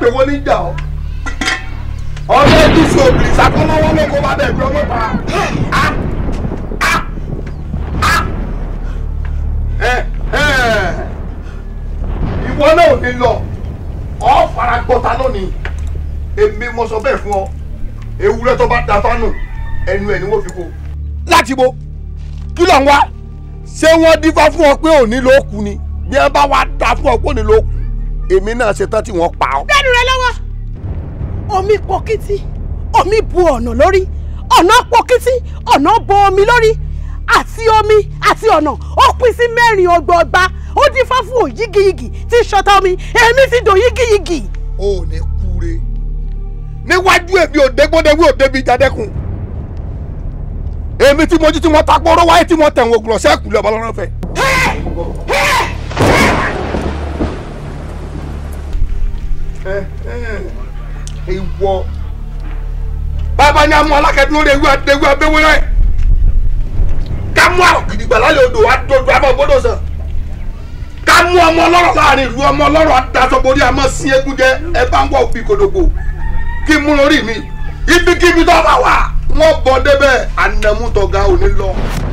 pé wọ́n ní jà ọ́ ọ̀rẹ́ ìdúsù obìnrin sàkómọ́wọ́ ló kó bá bẹ̀ gbé ọmọ pa ìwọ náà ò ní lọ ọ fara gbọta lónìí èmi mo sọ bẹ́ẹ̀ fún ọ ewúrẹ́ tó bá da fánù ẹnu ẹ̀ ni wọ́n fi kó. láti bo kí ló ń wá ṣé wọ́n dífá fún ọ pé òní ló kù ni bí wọ́n bá wá da fún ọ pé òní ló kù èmi náà ṣetán tí wọ́n pa ọ́. dẹ́nu rẹ lọ́wọ́ omi pọkítí omi bu ọ̀nà lórí ọ̀nà pọkítí ọ̀nà bo omi lórí àti omi àti ọ̀nà ó pín sí mẹ́rin ọgbọ̀n ọgbà ó dín fáfún òyígiyigì tí ṣọta omi èmi ti dò yígiyigì. o ò ní kúre níwájú èmi ò dégbódéwé ò débi ìjàdẹ́kùn èmi tí mo jí tí mo ta pọ́ọ́rọ́ wáyé tí mo tẹ̀wọ̀n ògùrọ̀ sẹ́ẹ̀kù lọ́ba Eh, eh. ìwọ bàbá ni a mú alákẹ́dúró de ewu adéwu abéwéré ká mú àgìdìgbà láyé odò adódò abọ́ gbọ́dọ̀ sàn ká mú ọmọ ọlọ́rọ̀ láàrin ìlú ọmọ ọlọ́rọ̀ adásọ̀bọ̀rí àmọ́ sí egun jẹ ẹ bá ń wọ òbí kí mi bá wà wọ́n